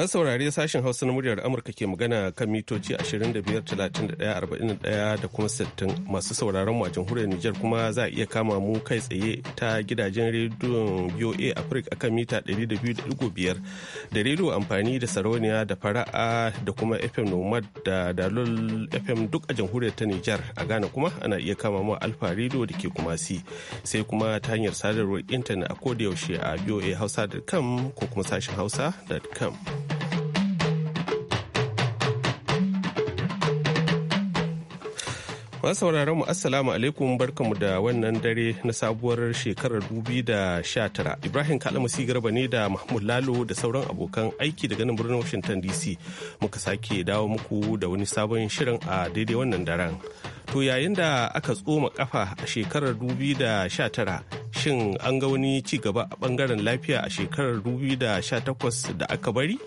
Masu saurari sashen Hausa na muryar Amurka ke magana kan mitoci 25,31,41 da kuma 60 masu sauraron mu a jamhuriyar Nijar kuma za a iya kama mu kai tsaye ta gidajen rediyon BOA Africa akan mita 200.5 da rediyo amfani da sarauniya da fara'a da kuma FM Nomad da Dalol FM duk a jamhuriyar ta Nijar a Ghana kuma ana iya kama mu Alfa Radio da ke kuma si sai kuma ta hanyar sadarwar intanet a yaushe a BOA Hausa.com ko kuma sashen Hausa.com. Masu sauraron mu assalamu alaikum barkamu da wannan dare na sabuwar shekarar tara Ibrahim si Garba ne da Mahmud Lalo da sauran abokan aiki daga nan birnin Washington DC muka sake dawo muku da wani sabon shirin a daidai wannan daren. To yayin da aka tsoma kafa a shekarar tara shin an ga wani ci gaba a bangaren lafiya a shekarar 2018 da aka bari?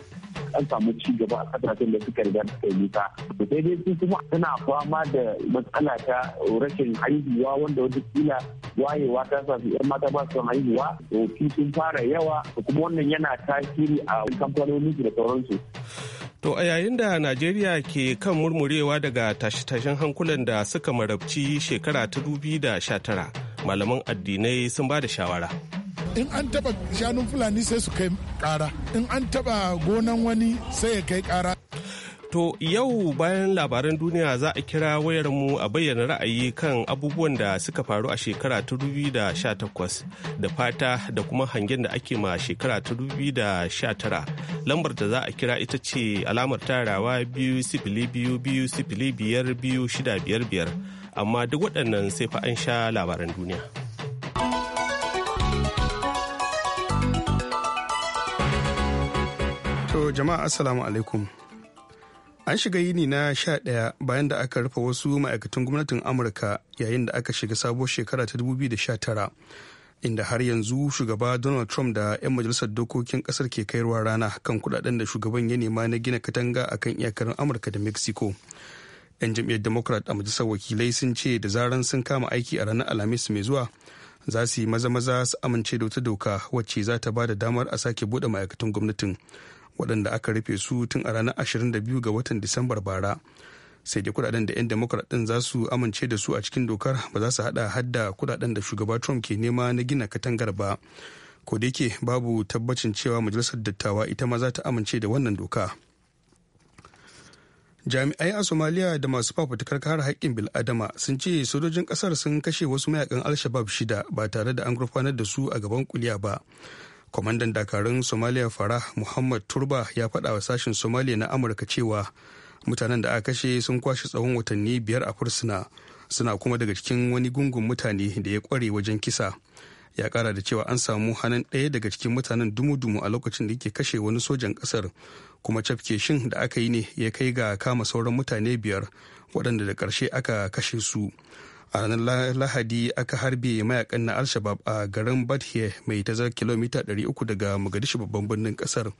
an samu ci gaba a kasashen da suka riga suka yi nisa da sai dai su kuma tana fama da matsala ta rashin haihuwa wanda wata kila wayewa ta sa su yan mata ba su haihuwa to sun fara yawa kuma wannan yana tasiri a kamfanoni da sauransu To a yayin da Najeriya ke kan murmurewa daga tashe-tashen hankulan da suka marabci shekara ta da 2019, malaman addinai sun ba da shawara. in an taba shanun fulani sai su kai kara in an taba gonan wani sai ya kai kara To yau bayan labaran duniya za a kira wayarmu a bayyana ra'ayi kan abubuwan da suka faru a shekara ta 2018 da fata da kuma hangen da ake ma shekara ta 2019. Lambar da za a kira ita ce alamar tarawa biyu sifili biyu biyu sifili biyar biyu shida biyar biyar amma duk waɗannan sai fa an sha labaran duniya. To jama'a assalamu alaikum. An shiga yini na sha ɗaya bayan da aka rufe wasu ma'aikatan gwamnatin Amurka yayin da aka shiga sabuwar shekara ta 2019 inda har yanzu shugaba Donald Trump da 'yan majalisar dokokin kasar ke kairuwa rana kan kuɗaɗen da shugaban ya nema na gina katanga a kan iyakarin Amurka da Mexico. 'Yan jam'iyyar Democrat a majalisar wakilai sun ce da zaran sun kama aiki a ranar Alhamis mai zuwa za su yi maza-maza su amince da wata doka wacce za ta ba da damar a sake buɗe ma'aikatan gwamnatin. waɗanda aka rufe su tun a ranar 22 ga watan disambar bara sai da kudaden da 'yan democrat ɗin za su amince da su a cikin dokar ba za su hada hadda kudaden da shugaba trump ke nema na gina katangar ba ko da yake babu tabbacin cewa majalisar dattawa ita ma za ta amince da wannan doka jami'ai a somaliya da masu fafutukar kare haƙƙin bil'adama sun ce sojojin ƙasar sun kashe wasu mayakan alshabab shida ba tare da an gurfanar da su a gaban kuliya ba kwamandan dakarun somaliya farah muhammad turba ya faɗa wa sashen somalia na amurka cewa mutanen da aka kashe sun kwashe tsawon watanni biyar a fursuna suna kuma daga cikin wani gungun mutane da ya kware wajen kisa ya kara da cewa an samu hannun ɗaya daga cikin mutanen dumu-dumu a lokacin da yake kashe wani sojan ƙasar kuma cafke shin da aka yi ne ya kai ga kama sauran mutane biyar waɗanda da ƙarshe aka kashe su a ranar lahadi aka harbe mayakan na al a garin badhe mai tazar kilomita 300 daga mogadishu babban birnin kasar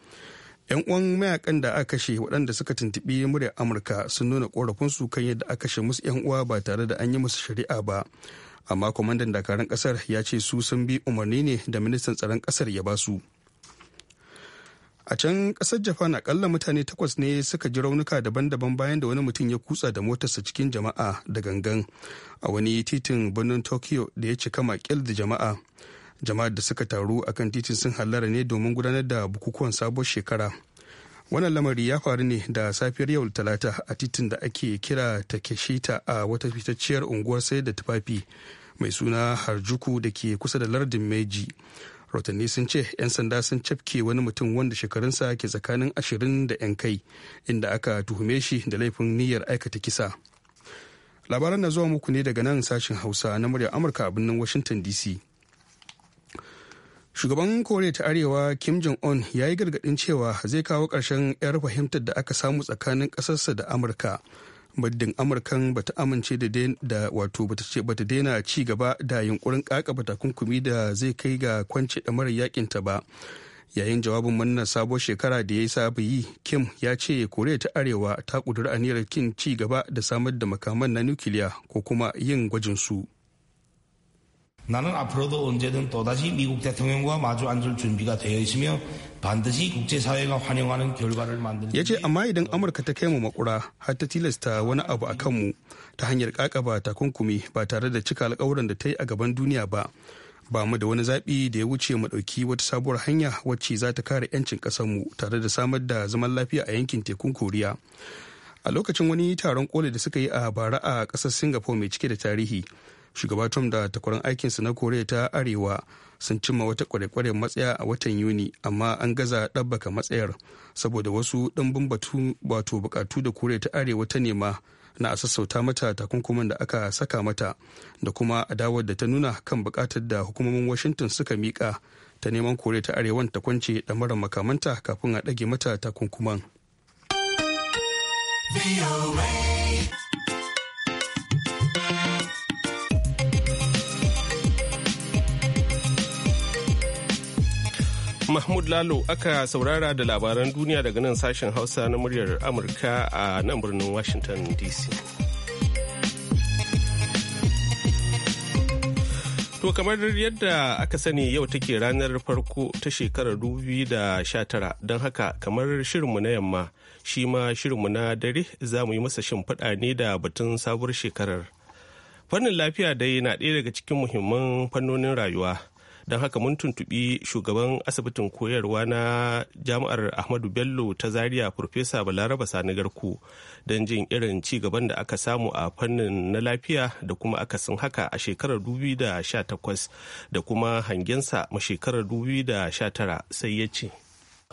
yan uwan mayakan da aka kashe waɗanda suka tuntuɓi muryar amurka sun nuna korafinsu kan yadda aka kashe musu yan uwa ba tare da an yi musu shari'a ba amma kwamandan dakarun kasar ya ce su sun bi umarni ne da ministan tsaron kasar ya ba su. a can ƙasar japan akalla mutane takwas ne suka ji raunuka daban-daban bayan da wani mutum ya kutsa da motarsa cikin jama'a da gangan a wani titin birnin tokyo da ya cika makil da jama'a jama'ar da suka taru a kan titin sun hallara ne domin gudanar da bukukuwan sabuwar shekara wannan lamari ya faru ne da safiyar yau talata a titin da ake kira takeshita a wata fitacciyar unguwar sai da tufafi mai suna harjuku da ke kusa da lardin meji. rahotanni sun ce 'yan sanda sun cafke wani mutum wanda shekarunsa ke tsakanin ashirin da 'yan kai inda aka tuhume shi da laifin niyyar aikata kisa labaran na zuwa muku ne daga nan sashen hausa na muryar amurka a birnin washington dc shugaban koriya ta arewa kim jong-un ya yi gargadin cewa zai kawo ƙarshen 'yar fahimtar da aka samu tsakanin ƙasarsa da amurka muddin amurkan bata amince da wato bata ce bata daina ci gaba da yunkurin kakaba takunkumi da zai kai ga kwance mara yakin ta ba yayin jawabin wannan sabon shekara da ya sabu yi kim ya ce koriya ta arewa ta kudura aniyar kin ci gaba da samar da makaman na nukiliya ko kuma yin gwajin su 나는 앞으로도 언제든 또다시 미국 대통령과 마주 앉을 준비가 되어 있으며 반드시 국제사회가 환영하는 결과를 만들 야 ce amma idan amurka ta kai mu makura har ta tilasta wani abu a kanmu ta hanyar kakaba takunkumi ba tare da cika 바 da ta yi a gaban duniya ba mu da wani zaɓi da ya wuce mu ɗauki wata sabuwar hanya wacce za ta kare 'yancin ƙasarmu tare da samar da zaman lafiya a yankin tekun koriya a lokacin wani taron koli da suka yi a bara a ƙasar singapore mai cike da tarihi shugaba trump da takwarar aikinsa na koriya ta arewa sun cimma wata kware-kware matsaya a watan yuni amma an gaza ɗabbaka matsayar saboda wasu ɗan batu wato bukatu da koriya ta arewa ta nema na a sassauta mata takunkuman da aka saka mata da kuma adawar da ta nuna kan bukatar da hukumomin washington suka mika ta neman koriya ta arewan ta kwance da mara makamanta kafin a ɗage mata takunkuman. Mahmud Lalo aka saurara da labaran duniya daga nan sashen Hausa na muryar Amurka a nan birnin Washington DC. To kamar yadda aka sani yau take ranar farko ta shekarar da 2019 don haka kamar shirinmu na yamma shi ma shirinmu na dare za mu yi masa fada ne da batun sabuwar shekarar. Fannin lafiya dai na ɗaya daga cikin muhimman fannonin rayuwa. don haka mun tuntubi shugaban asibitin koyarwa na jami'ar ahmadu bello ta zaria farfesa balaraba sani garku don jin irin ci gaban da aka samu a fannin na lafiya da kuma aka akasin haka a shekarar 2018 da kuma hangensa ma shekarar 2019 sai ya ce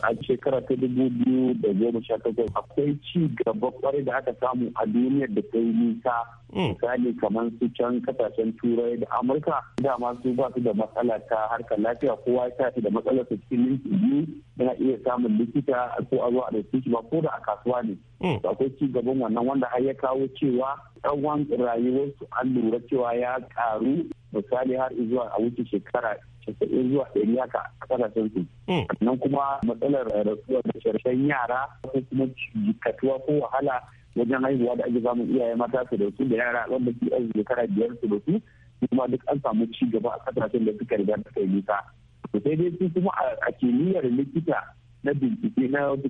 a shekara ta dubu biyu da goma sha takwas akwai ci gaba kwarai da aka samu a duniyar da ta yi nisa hmm. misali kamar su can kasashen turai da amurka dama su ba su da matsala ta harkar lafiya kowa ya tafi da matsalar su cikin minti biyu yana iya samun likita ko a zuwa da shi ba ko da a kasuwa ne hmm. akwai ci gaban wannan wanda har ya kawo cewa tsawon rayuwarsu an lura cewa ya karu misali har zuwa a wuce shekara casa'in zuwa ɗari haka a ƙasashen hmm. su sannan kuma matsalar rasuwar sharshen yara ko kuma jikatuwa ko wahala wajen haihuwa da ake samun iyaye mata su da su da yara wanda su yan shekara biyar su da su kuma duk an samu ci gaba a ƙasashen da suka riga suka yi nisa sai dai su kuma a kimiyyar likita na bincike na wata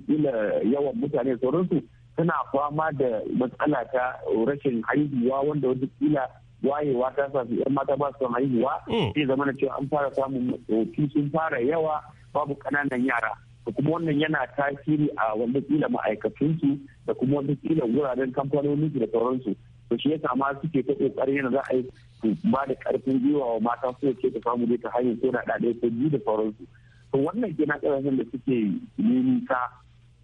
yawan mutane sauransu tana fama da matsala ta rashin haihuwa wanda kila. wayewa ta sa su yan mata ba su haihuwa zai mm. zama na cewa an fara samun matsofi sun fara yawa babu kananan yara da kuma wannan yana tasiri a wanda kila ma'aikatunsu da kuma wanda kila wuraren su da sauransu to shi yasa ma suke ta kokarin yana za a yi ba da karfin gwiwa wa mata su ce ta samu dai ta hanyar ko da ɗaya ko biyu da sauransu to wannan ke na ƙasashen da suke nisa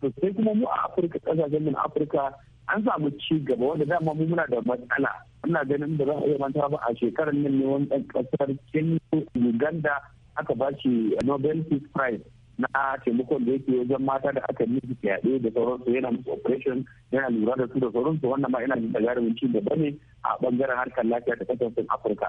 to sai kuma mu a afirka ƙasashen mu na afirka an samu ci gaba wanda dama mu muna da matsala ina ganin da za a iya manta ba a shekarar nan ne wani ɗan ƙasar kenya uganda aka ba shi nobel peace prize na taimakon da yake wajen mata da aka nufi fyaɗe da sauransu yana musu operation yana lura da su da sauransu wannan ma yana da gagarumin ci gaba ne a bangaren harkar lafiya da kasashen afirka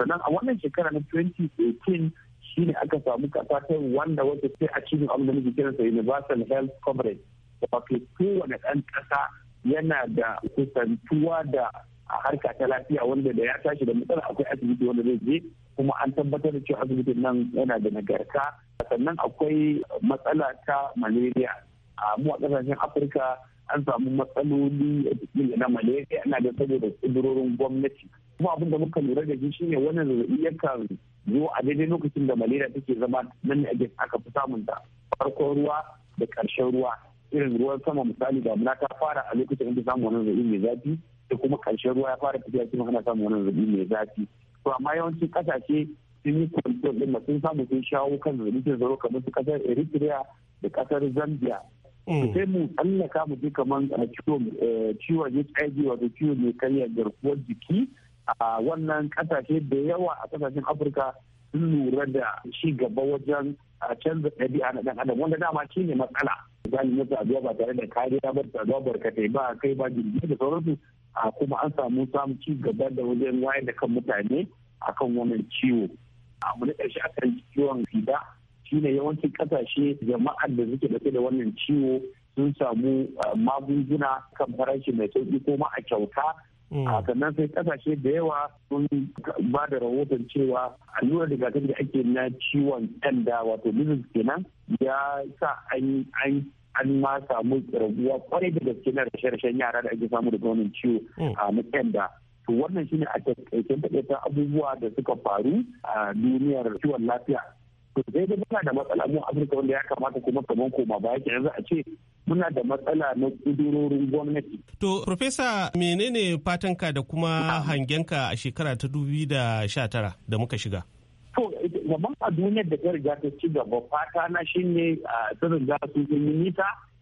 sannan a wannan shekara na 2018 shi ne aka samu kasa ta wanda wata sai a cikin abin da muke kiransa universal health coverage wato kowane ɗan ƙasa yana da kusantuwa da a harka ta lafiya wanda da ya tashi da matsala akwai asibiti wanda zai je kuma an tabbatar da cewa asibitin nan yana da nagarta sannan akwai matsala ta malaria a mu a kasashen afirka an samu matsaloli na malaria ana da saboda tsibirorin gwamnati kuma abin da muka lura da shi shine wannan zazzabi yakan zo a daidai lokacin da malaria take zama nan ne aka fi samun ta farkon ruwa da ƙarshen ruwa irin ruwan sama misali damina ta fara a lokacin da samu wannan zabi mai zafi da kuma karshen ruwa ya fara tafiya kuma ana samu wannan zabi mai zafi to amma yawanci kasashe sun yi kwanciyar din sun samu sun shawo kan zabi zaro kamar su kasar Eritrea da kasar Zambia mm. sai mu tsallaka mu je kamar eh, ciwon HIV eh, wato ciwon mai karya garkuwar jiki a wannan kasashe da yawa a kasashen Afirka Sun lura da ci gaba wajen canza ɗabi'a na ɗan adam wanda dama shi ne matsala misali na saduwa ba tare da kariya ba saduwa barkatai ba kai ba jirgi da sauransu a kuma an samu samun ci gaba da wajen wayar da kan mutane akan wannan ciwo abu na ƙarshe akan ciwon sida shine yawancin ƙasashe jama'ar da suke da da wannan ciwo sun samu magunguna kan farashi mai sauƙi ko ma a kyauta Mm. sannan sai kasashe da yawa sun ba da rahoton cewa allurar rigakafi da ake na ciwon tanda wato lizard kenan ya sa an an ma samu raguwa kwarai da gaske na rashe-rashen yara da ake samu da wannan ciwo mm. a na da to wannan shine a taƙaicen taƙaita abubuwa da suka faru a duniyar ciwon lafiya to sai da da matsala mu Afirka wanda ya kamata kuma kamar koma ba yake yanzu a ce muna da matsala na kudurorin gwamnati. To, Profesa, menene fatanka da kuma hangenka a shekara ta dubi da tara da muka shiga? To, gaban a duniyar da ta riga ta ci gaba fata na shi ne a tsirin za su yi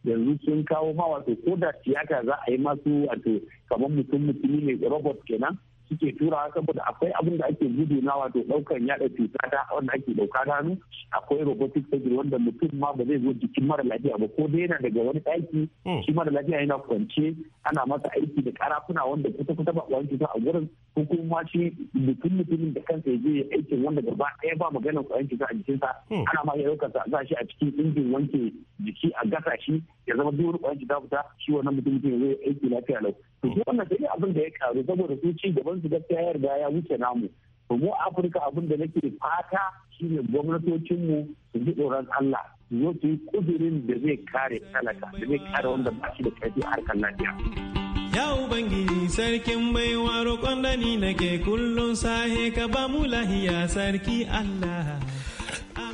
yanzu sun kawo ma wato ko da tiyata za a yi masu wato kamar mutum mutumi ne robot kenan suke turawa saboda akwai abin da ake gudu na wato ɗaukar yaɗa cuta ta wanda ake ɗauka ta hannu akwai robotic surgery wanda mutum ma ba zai zo jikin mara lafiya ba ko dai yana daga wani ɗaki hmm. shi mara lafiya yana kwance ana masa aiki da karafuna wanda kuta kuta ba wani cuta a gurin ko shi mutum mutumin da kansa ya je ya aikin wanda gaba ɗaya ba maganar kwayan cuta a jikinsa hmm. ana ma ya ɗaukar sa shi a cikin injin wanke jiki a gasa shi ya zama duk wani kwayan cuta fita shi wannan mutum mutum ya zai aiki lafiya lau to shi wannan sai abin da ya karu saboda su ci gaban su gaskiya ya riga ya wuce namu to mu Afirka abin da nake fata shine mu su ji tsoron Allah zo su yi kudurin da zai kare talaka da zai kare wanda ba shi da karfi a harkar lafiya. Ya Ubangiji sarkin baiwa roƙon da nake kullum sahe ka ba mu lahiya sarki Allah.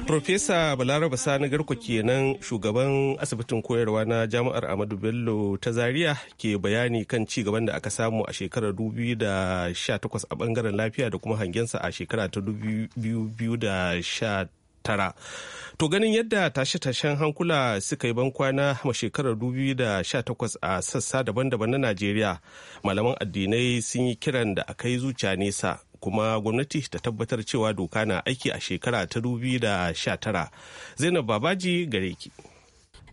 Profesa Balaraba Sani Garko kenan shugaban asibitin koyarwa na Jami'ar Ahmadu Bello ta Zaria ke bayani kan ci gaban da aka samu a shekarar 2018 a bangaren lafiya da kuma hangensa a shekara ta tara. To ganin yadda tashe-tashen hankula suka yi bankwana ma shekarar 2018 a sassa daban-daban na Najeriya, malaman addinai sun yi kiran da aka yi zuciya nesa kuma gwamnati ta tabbatar cewa doka na aiki a shekara ta 2019. Zainab Babaji gare ki.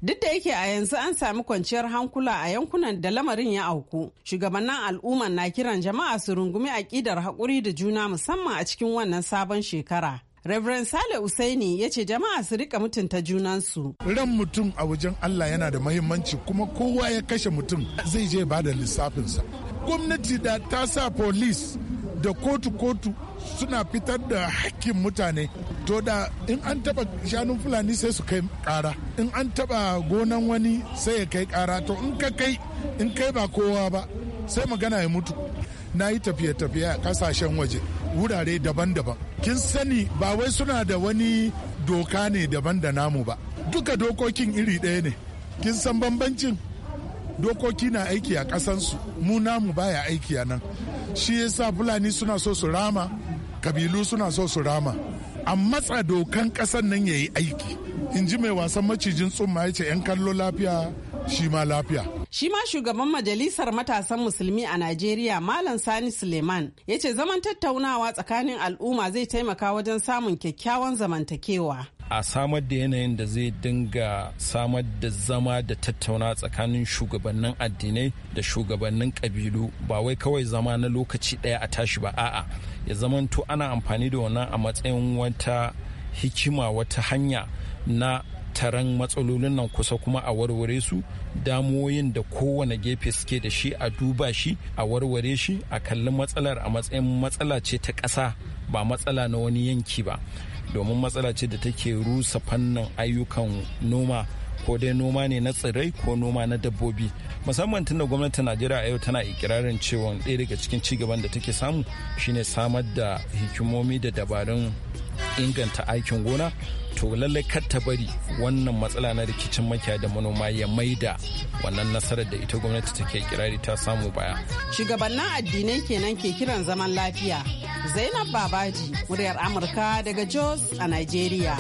Duk da yake a yanzu an sami kwanciyar hankula a yankunan da lamarin ya auku, shugabannin al'umma na kiran jama'a su rungumi aƙidar haƙuri da juna musamman a cikin wannan sabon shekara. Reverend Sale Usaini ya ce jama'a su rika mutunta junansu. Ran mutum a wajen Allah yana da mahimmanci kuma kowa ya kashe mutum zai je ba da lissafinsa. Gwamnati da ta sa polis da kotu-kotu suna fitar da hakkin mutane to da in an taba shanun fulani sai su kai kara in an taba gonan wani sai ya kai kara to in ka kai in kai ba kowa ba sai magana ya mutu na yi tafiye-tafiye a kasashen waje wurare daban-daban kin sani ba wai suna da wani doka ne daban da namu ba duka dokokin iri ɗaya ne kin san bambancin dokoki na aiki a ƙasansu mu namu baya aiki a nan shi yasa fulani suna so su rama kabilu suna so su rama a matsa dokan ƙasan nan ya yi aiki in ji mai wasan macijin tsumma ya ce 'yan kallo lafiya shi ma lafiya Shi ma shugaban majalisar matasan musulmi a Najeriya Malam Sani Suleiman ya ce zaman tattaunawa tsakanin al'umma zai taimaka wajen samun kyakkyawan zamantakewa. a samar da yanayin da zai dinga samar da zama da tattauna tsakanin shugabannin addinai da shugabannin kabilu ba wai kawai zama na lokaci ɗaya a tashi ba a'a ya zamanto ana amfani da wannan a matsayin wata hikima wata hanya na taron matsalolin nan kusa kuma a warware su damoyin da kowane gefe suke da shi a duba shi a warware shi a kalli matsalar a matsayin matsala ce ta ƙasa ba matsala na wani yanki ba domin matsala ce da take rusa fannin ayyukan noma ko dai noma ne na tsirrai ko noma na dabbobi musamman tunda gwamnatin najeriya a yau tana ikirarin cewa ɗaya daga cikin cigaban da take samu shine samar da hikimomi da dabarun inganta aikin gona to lallai kar ta bari wannan matsala na rikicin makiya da manoma ya maida wannan nasarar da ita gwamnati take kirari ta samu baya shugabannin addinai kenan ke kiran zaman lafiya zainab babaji muryar amurka daga jos a nigeria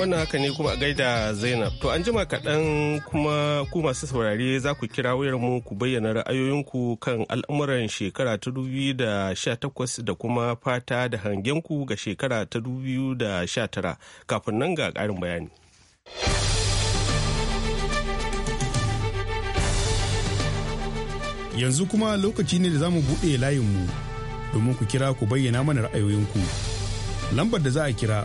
wannan haka ne kuma a gaida zainab to an jima kaɗan kuma ku masu saurare za ku kira wayarmu ku bayyana ra'ayoyinku kan al'amuran shekara ta dubu da sha takwas da kuma fata da hangenku ga shekara ta dubu da sha tara kafin nan ga ƙarin bayani yanzu kuma lokaci ne da za mu buɗe layinmu domin ku kira ku bayyana mana ra'ayoyinku lambar da za a kira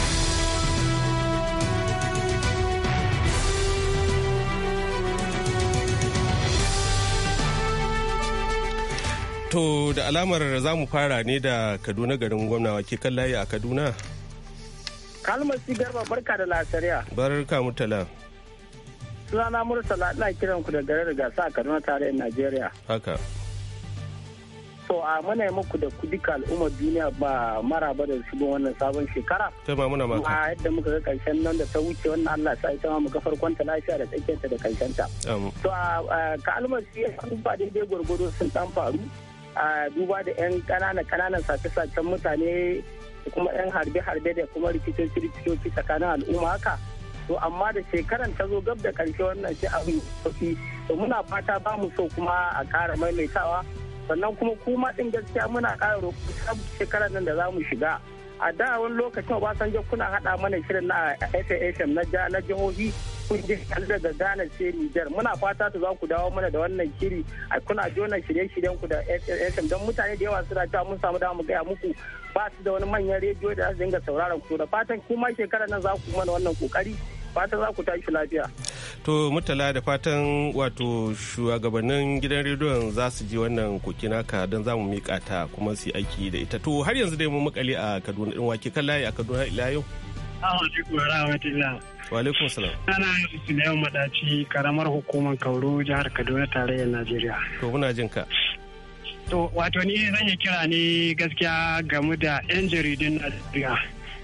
To da alamar za mu fara ne da Kaduna garin gwamna wake kan layi a Kaduna. si Garba barka da lasariya. Barka mutala. Sunana Murtala ina kiran ku da garin gasa sa Kaduna tarayyar Najeriya. Haka. To a mana yi muku da kudika al'ummar duniya ba mara ba da shigo wannan sabon shekara. Ta ma muna maka. A yadda muka ga karshen nan da ta wuce wannan Allah sa ita ma muka farkon ta lafiya da tsakiyarta da karshen ta. To a kalmar siya sun ba daidai gwargwado sun dan faru. a duba da 'yan kananan kananan sace-sacen mutane da kuma 'yan harbe-harbe da kuma rikicoci-rikicoci tsakanin al'umma haka to amma da shekaran ta zo gab da karshe wannan shi abin sauki to muna fata ba mu so kuma a ƙara maimaitawa sannan kuma kuma ɗin gaskiya muna kara roƙo shekaran nan da za mu shiga a da wani lokacin obasanjo kuna haɗa mana shirin na fam na jihohi kungiyar kan daga Ghana sai Nijar muna fata su za ku dawo mana da wannan shiri a kuna jona shirye-shiryen ku da FM don mutane da yawa suna cewa mun samu mu gaya muku ba su da wani manyan rediyo da za su dinga sauraron ku da fatan kuma shekarar nan za ku mana wannan kokari fatan za ku tashi lafiya. To mutala da fatan wato shugabannin gidan rediyon za su ji wannan koki naka don za mu miƙa ta kuma su aiki da ita. To har yanzu dai mu makale a Kaduna ɗin wake kan layi a Kaduna ila yau. alaikum wa salam. Ana Suleiman Madaci karamar hukumar Kauru jihar Kaduna tarayyar Najeriya. To kuna jin ka. To wato ni zan yi kira ne gaskiya game da 'yan jaridun Najeriya.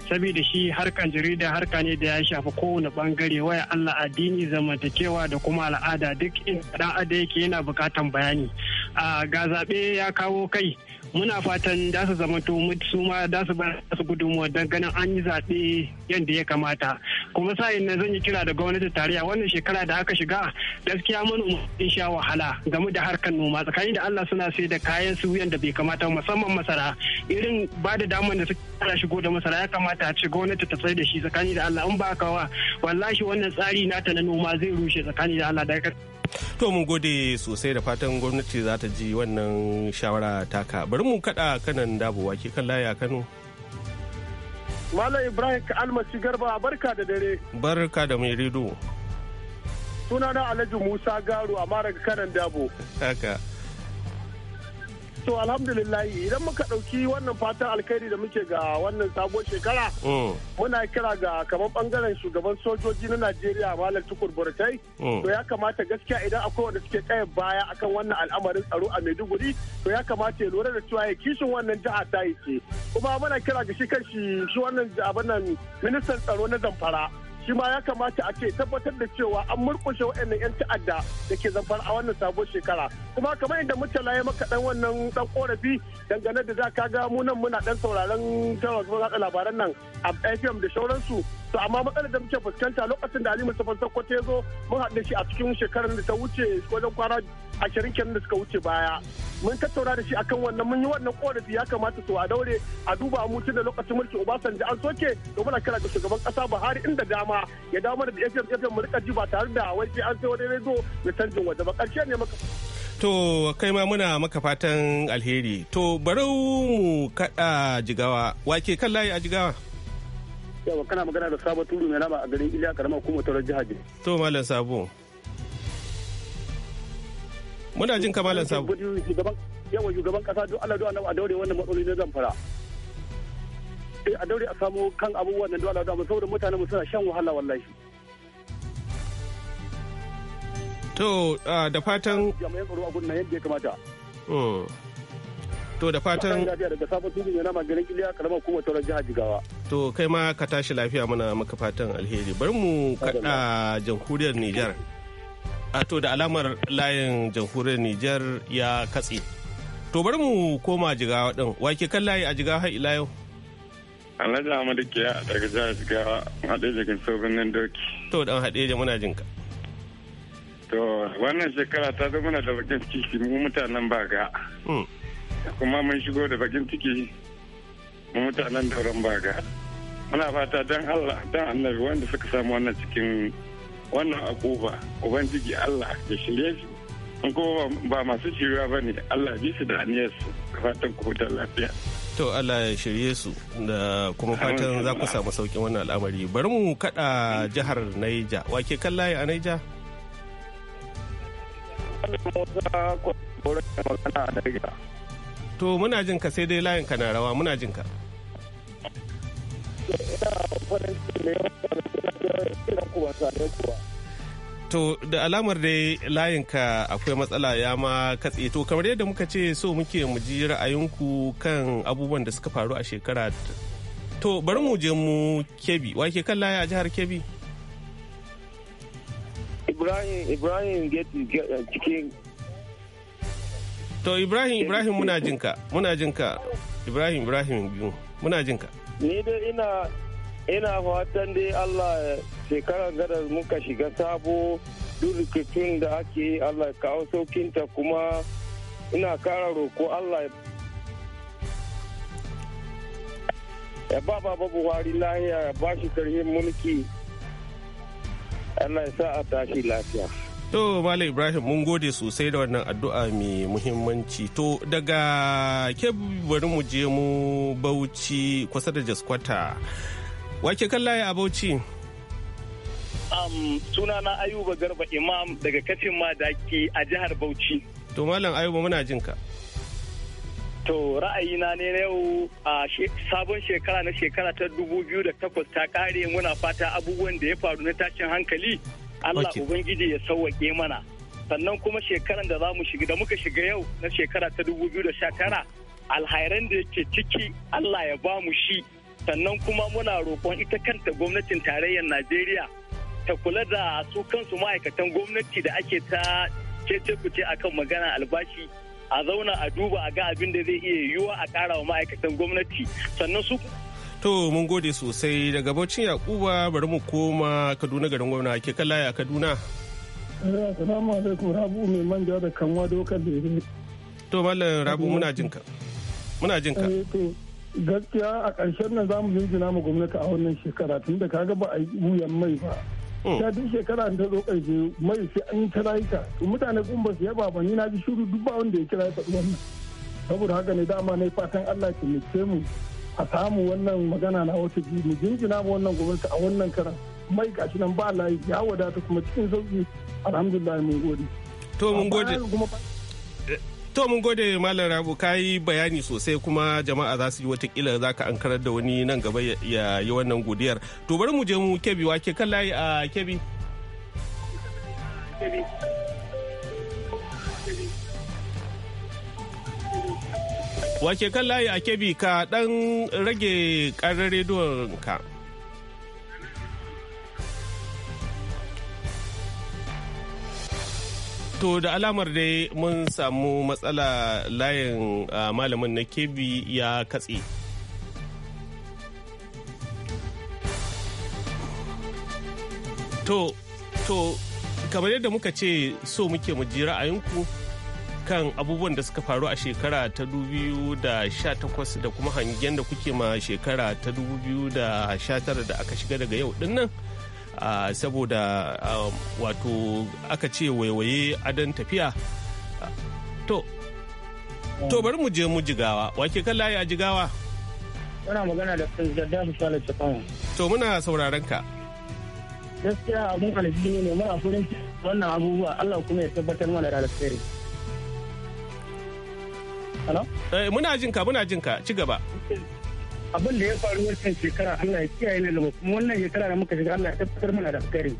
saboda shi harkan jarida harka ne da ya shafi kowane bangare waya Allah addini zamantakewa da kuma al'ada duk dan ada yake yana bukatan bayani a ah, ga zaɓe ya kawo kai muna fatan da su zama su ma da su bar su gudunmuwa don ganin an yi zaɓe yadda ya kamata kuma sa'in nan zan yi kira da gwamnatin tarayya wannan shekara da aka shiga gaskiya manoma sun sha wahala game da harkan noma tsakanin da Allah suna sai da kayan su yadda bai kamata musamman masara irin ba da damar da suka shigo da masara ya kamata a ce gwamnati ta tsaye da shi tsakanin da Allah in ba kawa wallahi wannan tsari nata na noma zai rushe tsakanin da Allah daga To mun gode sosai da fatan gwamnati za ta ji wannan shawara taka. Bari mu kada kanan dabowa ke kan laya Kano. Malam Ibrahim Almasi Garba barka da dare. Barka da mai rido. Sunana Alhaji Musa Garu a Mara kanan dabo. Haka. To alhamdulillah idan muka ɗauki wannan fatan alkhairi da muke ga wannan sabon shekara oh. muna kira ga kamar bangaren shugaban sojoji na Najeriya Malam Tukur Burtai oh. to ya kamata gaskiya idan akwai wanda suke tsaye baya akan wannan al'amarin tsaro a Maiduguri to ya kamata ya lura da cewa ya kishin wannan jiha ta yi ce kuma muna kira ga shi kanshi shi wannan abin nan ministan tsaro na Zamfara shi ma ya kamata a ce tabbatar da cewa an murkushe waɗannan 'yan ta'adda da ke zamfara a wannan sabon shekara kuma kamar inda mutala ya maka dan wannan dan korafi dangane da za ka ga mu nan muna dan sauraron tawagar labaran nan a fm da sauransu to amma matsalar da muke fuskanta lokacin da Ali Mustafa Sokoto ya zo mun haɗu shi a cikin shekarar da ta wuce wajen kwana ashirin kenan da suka wuce baya mun tattauna da shi akan wannan mun yi wannan korafi ya kamata su a daure a duba mutu da lokacin mulki Obasanjo an soke domin a kira ga shugaban kasa Buhari inda dama ya dawo da FM FM mu rika ji ba tare da wai sai an sai wani rezo da canjin waje ba karshe ne maka To kai ma muna maka fatan alheri. To barau mu kaɗa jigawa. Wake kan layi a jigawa? yawa kana magana da sabo turu mai nama a garin iliya karama hukumar taurar jihar to malam sabo muna jin ka malam sabo yawa shugaban kasa duk Allah duk a daure wannan matsaloli na zamfara eh, a daure a samu kan abubuwan nan duk Allah duk saboda mutanen mu suna shan wahala wallahi to ah, da fatan jami'an tsaro a gudun yadda ya kamata oh. To da fatan To kai ma ka tashi lafiya muna maka fatan alheri. Bari mu kaɗa jamhuriyar Nijar. A to da alamar layin jamhuriyar Nijar ya katse. To bari mu koma jigawa ɗin. ke kan layi a jigawa har ila yau. Alhaji Ahmadu Kiya daga jihar Jigawa, haɗe jikin sabon nan doki. To dan haɗe da muna jinka. To wannan shekara ta zo mana da bakin ciki mu mutanen baga. Hmm. kuma mun shigo da bakin ciki mu mutanen dauran baga muna fata don allah don annabi wanda suka samu wannan cikin wannan akuba ubangiji allah ya shirye shi in kuma ba masu shirya ba ne allah bi su da aniyarsu fatan ku huta lafiya to allah ya shirye su da kuma fatan za ku samu saukin wannan al'amari bari mu kada jihar naija wake kallaye a naija Musa magana a Niger. To muna jin ka sai dai layin ka na rawa muna jin ka. To da alamar dai ka akwai matsala ya ma katse to kamar yadda muka ce so muke mu ji ra'ayinku kan abubuwan da suka faru a shekara to bari mu je mu kebi wake kan layi a jihar kebi ibrahim ibrahim eh, cikin To Ibrahim Ibrahim muna jinka muna jinka Ibrahim Ibrahim muna jinka. Ni dai ina ina fatan dai Allah shekarar gadar muka shiga sabo duk rikicin da ake Allah kawo saukinta kuma ina kara roko Allah ya ba babu wari lahiya ya ba shi karhin mulki allah ya sa a tashi lafiya To Malam Ibrahim mun gode sosai da wannan addu'a mai muhimmanci. To daga ke bari mu je mu Bauchi kusa da Jaskwata. Wake kallaye a Bauchi? Um, na Ayuba Garba Imam daga kafin madaki a jihar Bauchi. To Malam Ayuba muna jin ka. To ra'ayina ne na yau a sabon shekara na shekara ta dubu da takwas ta kare muna fata abubuwan da ya faru na tashin hankali Allah Ubangiji ya sauwaƙe mana. Sannan kuma shekaran da za mu shiga da muka shiga yau na shekara ta 2019 alhairan da yake ciki Allah ya ba mu shi. Sannan kuma muna roƙon ita kanta gwamnatin tarayyar Najeriya ta kula da su kansu ma'aikatan gwamnati da ake ta cece kan magana albashi a zauna a duba a ga abin da zai iya yiwuwa a ƙara wa ma'aikatan gwamnati sannan su To mun gode sosai daga Bauchin Yakuba bari mu koma Kaduna garin gwamna ke ya Kaduna. Assalamu alaikum Rabu mai manja da kanwa dokar da To Malam Rabu muna jinka. Muna ka. Eh, gaskiya a ƙarshen nan zamu jinjina mu gwamnati a wannan shekara tun da kaga ba a yi wuyan mai ba. Ya hmm. duk shekara ta zo ƙarshe mai sai an ta rayuka. Mutane kun ba su yaba ba ni na ji shiru duk ba wanda ya kira ita wannan. Saboda haka ne dama na fatan Allah ke taimake mu a samu wannan magana na wata biyu mu jinjina ma wannan gwamnati a wannan karan mai gashi nan ba layi ya wadata kuma cikin sauki alhamdulillah mun gode to mun gode to mun gode malam rabu ka yi bayani sosai kuma jama'a za su yi watakila za ka ankarar da wani nan gaba ya yi wannan godiyar to bari mu je mu kebi wake kan layi a kebi Wake kan layi a kebi ka dan rage ƙarar rediyon ka. To da alamar dai mun samu matsala layin malamin na kebi ya katse. To, to, kamar yadda muka ce so muke mu ji ra'ayinku. kan abubuwan da suka faru a shekara ta 2018 da kuma hangen da kuke ma shekara ta 2019 da aka shiga daga yau dinnan saboda wato aka ce waiwaye adon tafiya to to bari mu je mu jigawa wake kan layi a jigawa muna magana da daddafi sale japan to muna sauraron ka gaskiya abun alheri ne muna furin wannan abubuwa Allah kuma ya tabbatar mana da alheri Eh, muna jin ka muna jin ka ci gaba abin da ya faru wancan shekara Allah ya kiyaye ne da kuma wannan shekara da muka shiga Allah ya tabbatar mana da alkhairi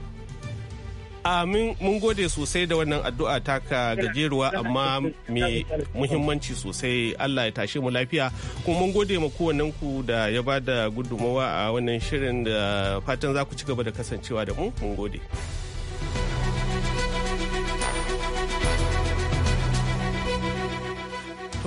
amin mun gode sosai da wannan addu'a taka gajeruwa amma mai muhimmanci sosai allah ya tashe mu lafiya kuma mun gode ma kowannen ku da ya ba da gudummawa a wannan shirin da fatan za ku ci gaba da kasancewa da mu mun gode.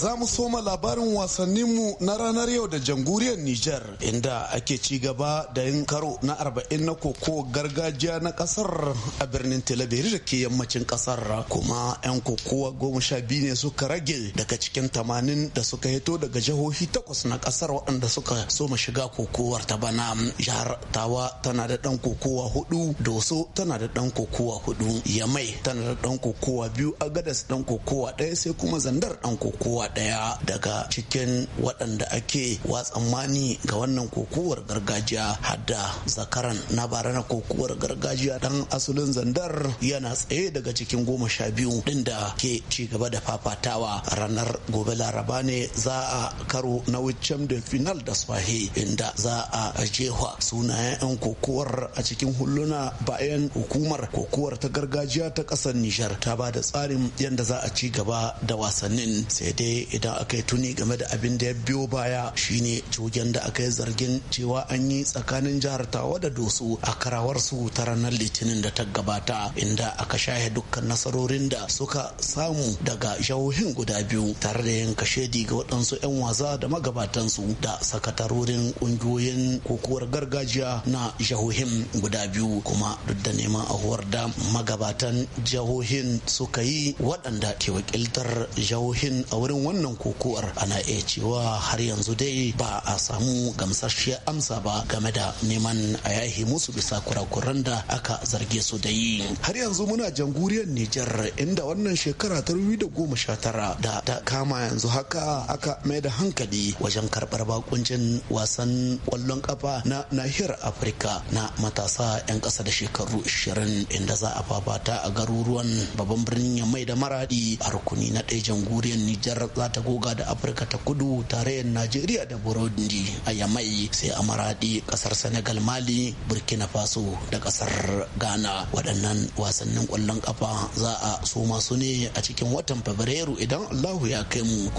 za mu soma labarin wasanninmu na ranar yau da jamhuriyar Nijar inda ake ci gaba da yin karo na arba'in na koko gargajiya na kasar a birnin Talabiri da ke yammacin kasar kuma 'yan kokowa goma sha biyu ne suka rage daga cikin tamanin da suka hito daga jihohi takwas na kasar waɗanda suka soma shiga kokowar ta bana jihar Tawa tana da ɗan kokowa hudu Doso tana da ɗan kokowa hudu Yamai tana da ɗan kokowa biyu Agadas ɗan kokowa ɗaya sai kuma Zandar ɗan kokowa daya daga cikin waɗanda ake tsammani ga wannan kokowar gargajiya hadda zakaran na bara na kokowar gargajiya dan asulin zandar yana tsaye daga cikin goma sha biyu ɗin da ke ci gaba da fafatawa ranar gobe laraba ne za a karo na wuccan da final da swahi inda za a jefa sunayen 'yan kokowar a cikin hulluna bayan hukumar kokowar ta gargajiya ta ƙasar nijar ta ba da tsarin yadda za a ci gaba da wasannin sai dai idan aka yi tuni game da abin da ya biyo baya shine cogen da aka yi zargin cewa an yi tsakanin jihar tawa da dosu a karawar su ta ranar litinin da ta gabata inda aka shahe dukkan nasarorin da suka samu daga jihohin guda biyu tare da yin kashedi ga waɗansu 'yan wasa da magabatansu da sakatarorin ƙungiyoyin kokowar gargajiya na jihohin guda biyu kuma duk da neman ahuwar da magabatan jihohin suka yi waɗanda ke wakiltar jihohin a wurin wannan kokowar ana iya cewa har yanzu dai ba a samu gamsasshiyar amsa ba game da neman a yahi musu bisa kurakuran da aka zarge su da yi har yanzu muna janguriyar nijar inda wannan shekara ta da goma sha tara da ta kama yanzu haka aka mai da hankali wajen karɓar bakuncin wasan kwallon ƙafa na nahiyar afirka na matasa 'yan ƙasa da shekaru 20 inda za a fafata a garuruwan babban birnin mai da maradi a rukuni na ɗaya janguriyar nijar za ta goga da afirka ta kudu tarayyar najeriya da burundi a yamai sai a maradi kasar senegal mali burkina faso da kasar ghana waɗannan wasannin kwallon ƙafa za a so masu ne a cikin watan fabrairu idan allahu ya kai mu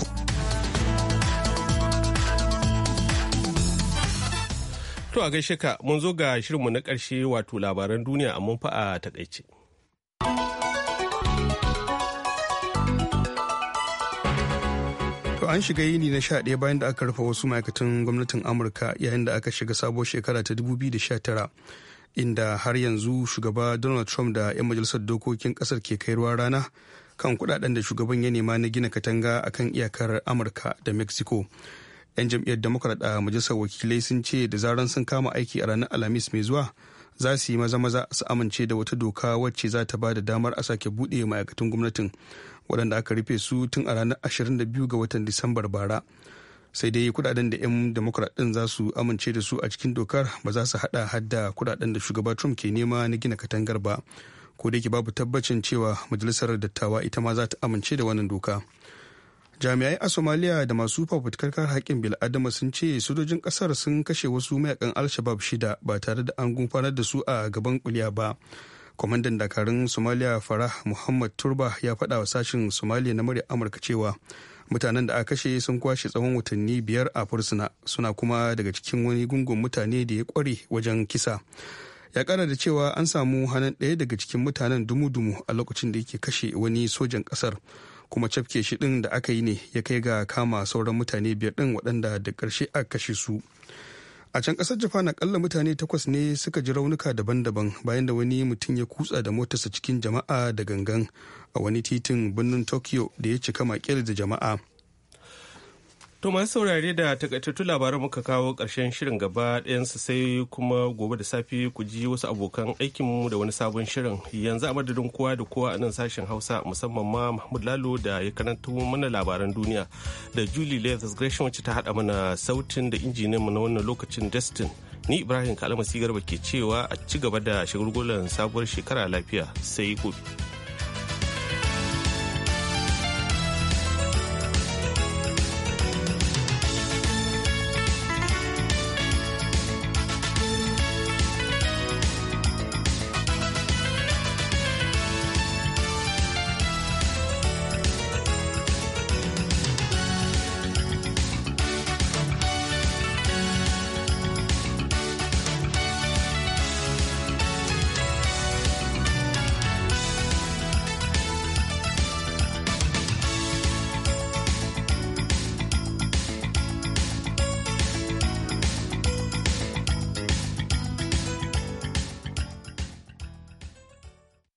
To a gaishe ka mun zo ga shirinmu na ƙarshe wato labaran duniya amma fa a taƙaice. an shiga yini na sha ɗaya bayan da aka rufe wasu ma'aikatan gwamnatin Amurka yayin da aka shiga sabuwar shekara ta 2019 inda har yanzu shugaba Donald Trump da 'yan majalisar dokokin kasar ke kai ruwa rana kan kudaden da shugaban ya nema na gina katanga a kan iyakar Amurka da Mexico. 'Yan jam'iyyar Democrat a majalisar wakilai sun ce da zaran sun kama aiki a ranar Alhamis mai zuwa za su yi maza-maza su amince da wata doka wacce za ta ba da damar a sake buɗe ma'aikatan gwamnatin waɗanda aka rufe su tun a ranar 22 ga watan disambar bara sai dai kudaden da 'yan democrat ɗin za su amince da su a cikin dokar ba za su hada hadda kudaden da shugaba trump ke nema na gina katangar ba ko da yake babu tabbacin cewa majalisar dattawa ita ma za ta amince da wannan doka jami'ai a somalia da masu fafutukar kar haƙƙin bil'adama sun ce sojojin ƙasar sun kashe wasu mayakan al-shabab shida ba tare da an gumfanar da su a gaban kuliya ba kwamandan dakarun somalia farah muhammad turba ya faɗa wa sashen somalia na murya amurka cewa mutanen da aka kashe sun kwashe tsawon watanni biyar a fursuna suna kuma daga cikin wani gungun mutane da ya kware wajen kisa ya kara da cewa an samu hannun ɗaya daga cikin mutanen dumu-dumu a lokacin da yake kashe wani sojan ƙasar kuma cafke shi ɗin da aka yi ne ya kai ga kama sauran mutane biyar ɗin waɗanda da ƙarshe aka kashe su a can kasar japan akalla mutane takwas ne suka ji raunuka daban-daban bayan da wani mutum ya kutsa da motarsa cikin jama'a da gangan a wani titin birnin tokyo da ya cika makil da jama'a To masu saurare da takaitattun labaran muka kawo ƙarshen shirin gaba ɗayansu sai kuma gobe da safe ku ji wasu abokan aikinmu da wani sabon shirin yanzu a madadin kowa da kowa a nan sashen hausa musamman ma Mahmud Lalo da ya karanta mana labaran duniya da Julie Leathers Gresham wacce ta haɗa mana sautin da injinin mu na wannan lokacin Destin. Ni Ibrahim kalamasi garba ke cewa a ci gaba da shagulgulan sabuwar shekara lafiya sai gobe.